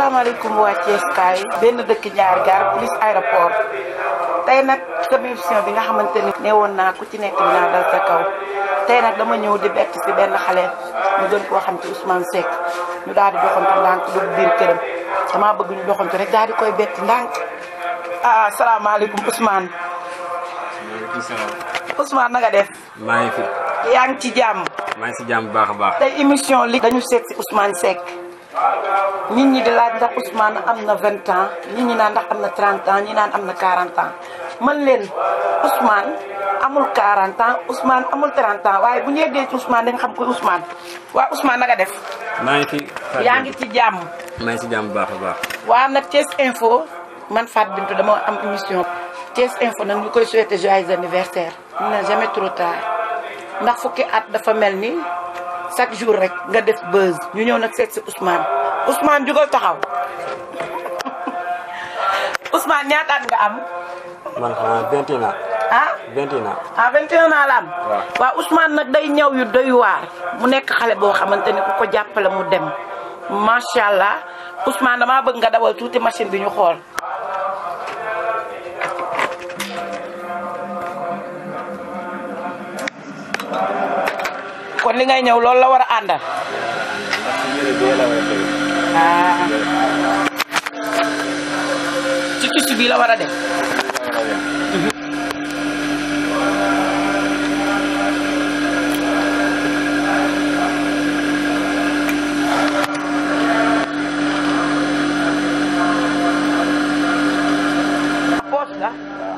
assalamualaikum wa ci sky ben deuk ñaar gar plus aéroport tay nak commission bi nga xamanteni ni na ku ci nekk na dal sa kaw tay nak dama ñew di bekk ci ben xalé ñu doon ko xam ci Ousmane Seck ñu daal di doxantu ndank du biir kërëm dama bëgg ñu doxantu rek daal di koy bekk ndank ah, ah assalamualaikum Ousmane. Ousmane nga def. maay fi. yaa ci jàmm. maay ci si bu baax baax. tay émission li dañu sét ci Ousmane Seck. nit ñi di laaj ndax Ousmane am na 20 ans ñi ñi naan ndax am na 30 ans ñi naan am na 40 ans man leen Ousmane amul 40 ans Ousmane amul 30 ans waaye bu ñu yeggee ci Ousmane da nga xam koy Ousmane waa Ousmane naka def. maa ngi ci yaa ngi ci jàmm. maa ngi ci jàmm bu baax a baax. waa nag Thiès Info man Fatou Bintou dama am mission Thiès Info nag ñu koy souhaité joyeux anniversaire. il n'est jamais trop tard. ndax fukki at dafa mel ni chaque jour rek nga def buzz ñu ñëw nag seet si Ousmane Ousmane jugal taxaw Ousmane ñaataat nga am. man xam nga vingt et un ans. ah vingt et un ans. Ah, nag day ñëw yu doy waar mu nekk xale boo xamante ne ku ko jàppale mu dem macha allah Ousmane damaa bëgg nga dawal tuuti machine bi ñu xool. kon li ngay ñew loolu la wara andal ah. ci ci ci bi la wara def